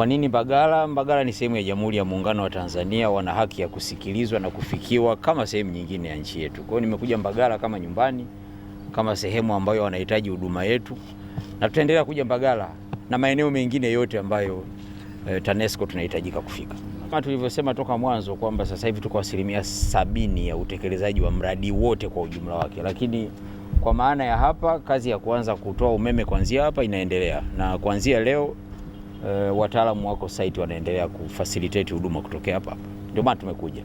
Kwa nini Mbagala? Mbagala ni sehemu ya Jamhuri ya Muungano wa Tanzania, wana haki ya kusikilizwa na kufikiwa kama sehemu nyingine ya nchi yetu. Kwa hiyo nimekuja Mbagala kama nyumbani, kama sehemu ambayo wanahitaji huduma yetu, na tutaendelea kuja Mbagala na maeneo mengine yote ambayo eh, TANESCO tunahitajika kufika. Kama tulivyosema toka mwanzo kwamba sasa hivi tuko asilimia sabini ya utekelezaji wa mradi wote kwa ujumla wake, lakini kwa maana ya hapa, kazi ya kuanza kutoa umeme kuanzia hapa inaendelea na kuanzia leo uh, wataalamu wako site wanaendelea kufacilitate huduma kutokea hapa hapa, ndio maana tumekuja.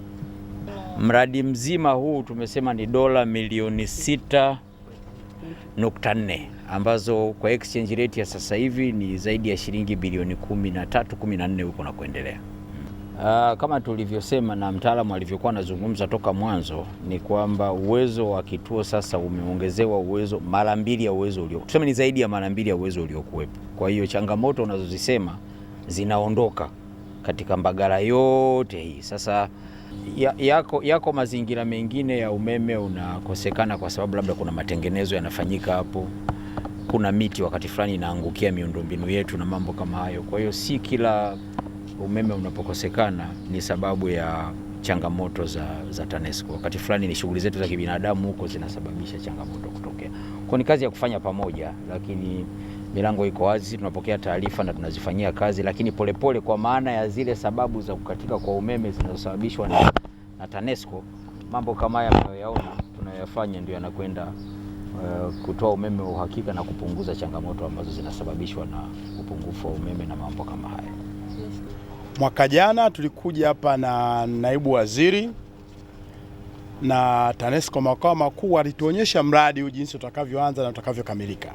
Mradi mzima huu tumesema ni dola milioni sita nukta nne ambazo kwa exchange rate ya sasa hivi ni zaidi ya shilingi bilioni kumi na tatu kumi na nne huko na kuendelea. Uh, kama tulivyosema na mtaalamu alivyokuwa anazungumza toka mwanzo ni kwamba uwezo wa kituo sasa umeongezewa uwezo mara mbili ya uwezo ulio, tuseme ni zaidi ya mara mbili ya uwezo uliokuwepo. Kwa hiyo changamoto unazozisema zinaondoka katika Mbagala yote hii sasa ya, yako, yako mazingira mengine ya umeme unakosekana kwa sababu labda kuna matengenezo yanafanyika hapo, kuna miti wakati fulani inaangukia miundombinu yetu na mambo kama hayo. Kwa hiyo si kila umeme unapokosekana ni sababu ya changamoto za, za TANESCO. Wakati fulani ni shughuli zetu za kibinadamu huko zinasababisha changamoto kutokea. Kwa ni kazi ya kufanya pamoja, lakini milango iko wazi, tunapokea taarifa na tunazifanyia kazi, lakini polepole pole, kwa maana ya zile sababu za kukatika kwa umeme zinazosababishwa na, na TANESCO, mambo kama haya mnayoyaona tunayoyafanya ndio yanakwenda uh, kutoa umeme wa uhakika na kupunguza changamoto ambazo zinasababishwa na upungufu wa umeme na mambo kama haya. Mwaka jana tulikuja hapa na naibu waziri na TANESCO makao makuu walituonyesha mradi huu jinsi utakavyoanza na utakavyokamilika.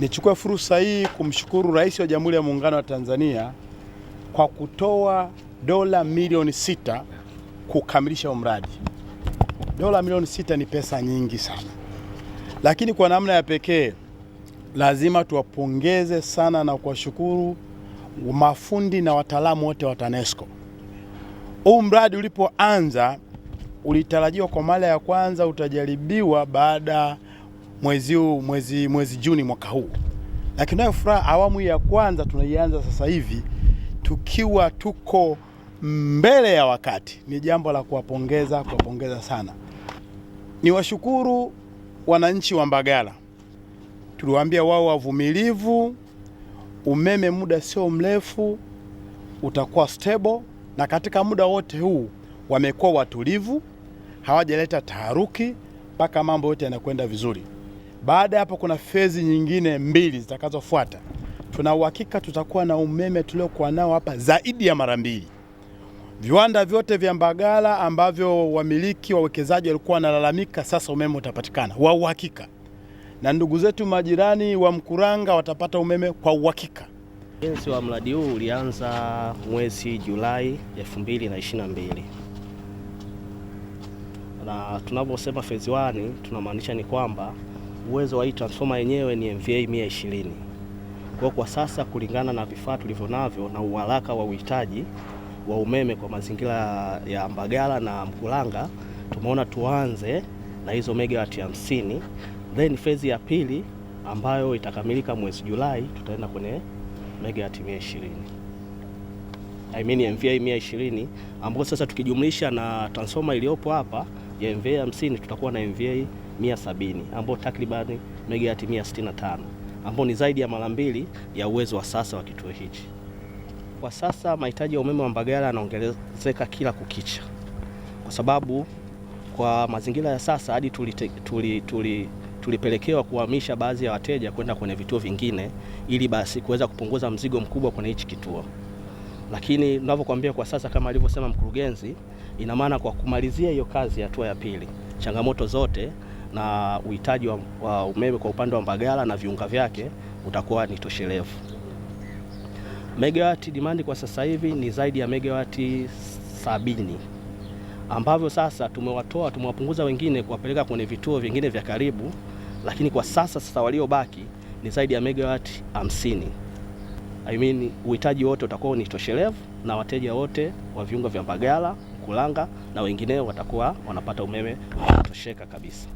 Nichukue fursa hii kumshukuru Rais wa Jamhuri ya Muungano wa Tanzania kwa kutoa dola milioni sita kukamilisha mradi. Dola milioni sita ni pesa nyingi sana, lakini kwa namna ya pekee lazima tuwapongeze sana na kuwashukuru mafundi na wataalamu wote wa TANESCO. Huu mradi ulipoanza ulitarajiwa kwa mara ya kwanza utajaribiwa baada mwezi huu mwezi, mwezi Juni mwaka huu, lakini nayo furaha, awamu ya kwanza tunaianza sasa hivi tukiwa tuko mbele ya wakati. Ni jambo la kuwapongeza, kuwapongeza sana. Ni washukuru wananchi wa Mbagala, tuliwaambia wao wavumilivu umeme muda sio mrefu utakuwa stable, na katika muda wote huu wamekuwa watulivu, hawajaleta taharuki mpaka mambo yote yanakwenda vizuri. Baada ya hapo, kuna fezi nyingine mbili zitakazofuata. Tuna uhakika tutakuwa na umeme tuliokuwa nao hapa zaidi ya mara mbili. Viwanda vyote vya Mbagala ambavyo wamiliki wawekezaji walikuwa wanalalamika, sasa umeme utapatikana wa uhakika na ndugu zetu majirani wa Mkuranga watapata umeme kwa uhakika. Ujenzi wa mradi huu ulianza mwezi Julai 2022 na tunaposema phase 1 tunamaanisha ni kwamba uwezo wa hii transformer yenyewe ni MVA 120. Kwa kwa sasa kulingana na vifaa tulivyonavyo na uharaka wa uhitaji wa umeme kwa mazingira ya Mbagala na Mkuranga, tumeona tuanze na hizo megawati 50 Then phase ya pili ambayo itakamilika mwezi Julai, tutaenda kwenye megawati mia ishirini I mean MVA mia ishirini ambapo sasa tukijumlisha na transformer iliyopo hapa ya MVA 50 tutakuwa na MVA 170 ambapo takriban megawati 165 ambapo ni zaidi ya mara mbili ya uwezo wa sasa wa kituo hichi. Kwa sasa mahitaji ya umeme wa Mbagala yanaongezeka kila kukicha, kwa sababu kwa mazingira ya sasa hadi tuli, tuli, tuli tulipelekewa kuhamisha baadhi ya wateja kwenda kwenye vituo vingine, ili basi kuweza kupunguza mzigo mkubwa kwenye hichi kituo. Lakini ninavyokuambia kwa sasa, kama alivyosema mkurugenzi, ina maana kwa kumalizia hiyo kazi ya hatua ya pili, changamoto zote na uhitaji wa, wa umeme kwa upande wa Mbagala na viunga vyake utakuwa ni toshelevu. Megawati demand kwa sasa hivi ni zaidi ya megawati sabini ambavyo sasa tumewatoa tumewapunguza wengine kuwapeleka kwenye vituo vingine vya karibu lakini kwa sasa sasa waliobaki ni zaidi ya megawati hamsini. I mean, uhitaji wote utakuwa ni toshelevu na wateja wote wa viunga vya Mbagala, Kulanga na wengineo watakuwa wanapata umeme wa kabisa.